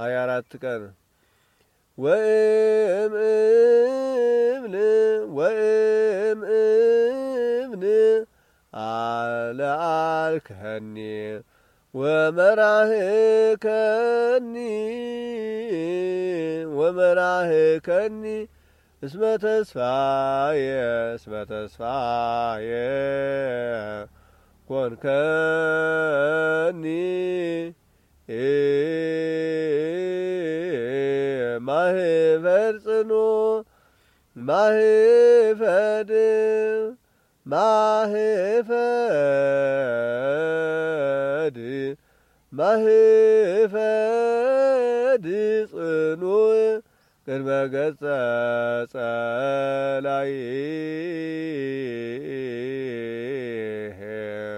ሀያ አራት ቀን ወእም እብን አለአልከኒ ወመራህከኒ ወመራህከኒ እስመ ተስፋየ እስመ ተስፋየ ኮንከኒ ማህፈር ጽኑ ማህፈድ ማህፈድ ማህፈድ ጽኑ ቅድመ ገጸ ጸላኢ